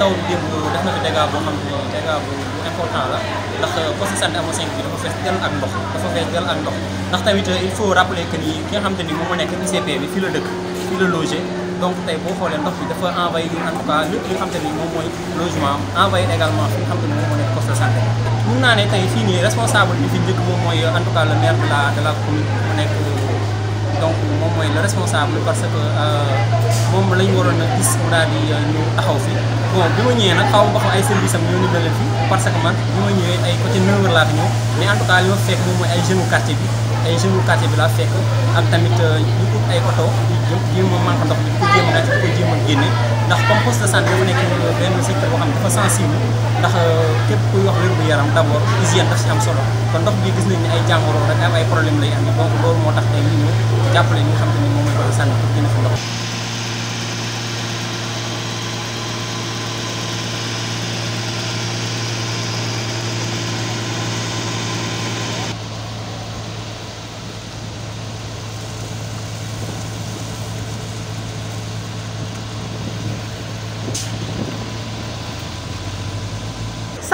taw démb def na fi dégâts boo xam ne dégâts bu important la ndax poste santé Hamo 5 bi dafa fees dell ak ndox dafa fees dell ak ndox ndax tamit euh, il faut rappeler que ni ki nga xam te ni moom moo nekk ICP bi fii la dëkk fii la logé donc tey boo xoolee ndox bi dafa envahi en tout cas lépp li te moom mooy logement am envahi fii nii responsable bi fi njëkk moom mooy en tout la de la commune nekk donc moom mooy le responsable parce que euh, moom la ñu waroon a gis mu daal di euh, ñu taxaw fi bon bi ma ñëwee nag xaw ma ay service am ñoo nivelé fi parce que man bi ma ñëwee ay côté numéro laa fi ñëw mais en tout cas li ma fekk moom mooy ay jeunes quartier bi ay jeunes quartier bi laa fekk ak tamit euh, ñu ut ay oto yu jéem a manque ndox bi génne ndax comme poste de santé dafa nekk benn secteur boo xam dafa sensible ndax euh, képp kuy wax wér yaram d' abord hygiène daf si am solo kon ndox bi gis nañ ni ay jàngoro rek am ay problème lay am donc loolu moo tax tey ñu ñëw jàppale ñi xam te ne moom mooy poste de santé pour gën ndox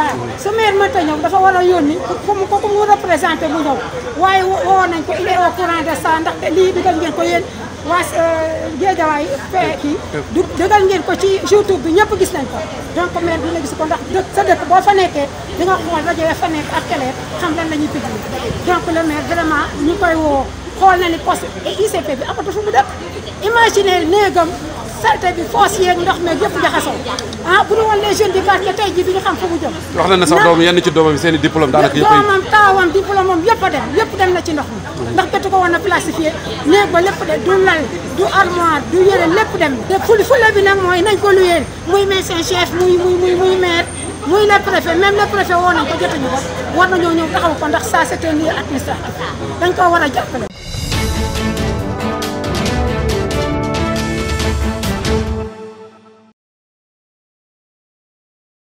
waaw su maire mënta ñëw dafa war a yónni ku mu représenté mu ñëw waaye woo nañ ko il est au courant de ça ndaxte lii dugal ngeen ko yéen waa euh, Géejawaay fee kii du dugal ngeen ko ci YouTube bi ñëpp gis nañ ko donc maire dina gis ko ndax dëkk sa dëkk boo fa nekkee di nga xool rajo ya fa nekk ak télé xam lan la ñuy pigi le maire vraiment ñu koy woo xool na ni poste ICP bi amatu fu mu dëkk imaginer néegam salte bi foos yeeg ndox meeg yëpp jaxasoo ah bu ñu woon les jeunes du quartier tey jii bi ñu xam fu mu jëm. na ne sax doom yenn ci doomam seen i diplôme daanaka yëpp doomam taawam diplôme am a dem yëpp dem na ci ndox mi hmm. ndax jotu ko woon a plastifié néeg ba lépp de du lal du armoire du yére lépp dem te ful fule bi nag mooy nañ ko luyeel muy médecin chef muy muy muy muy maire muy le préfet même le préfet woo nañ ko jotuñu ko war taxaw ko ndax a jàppale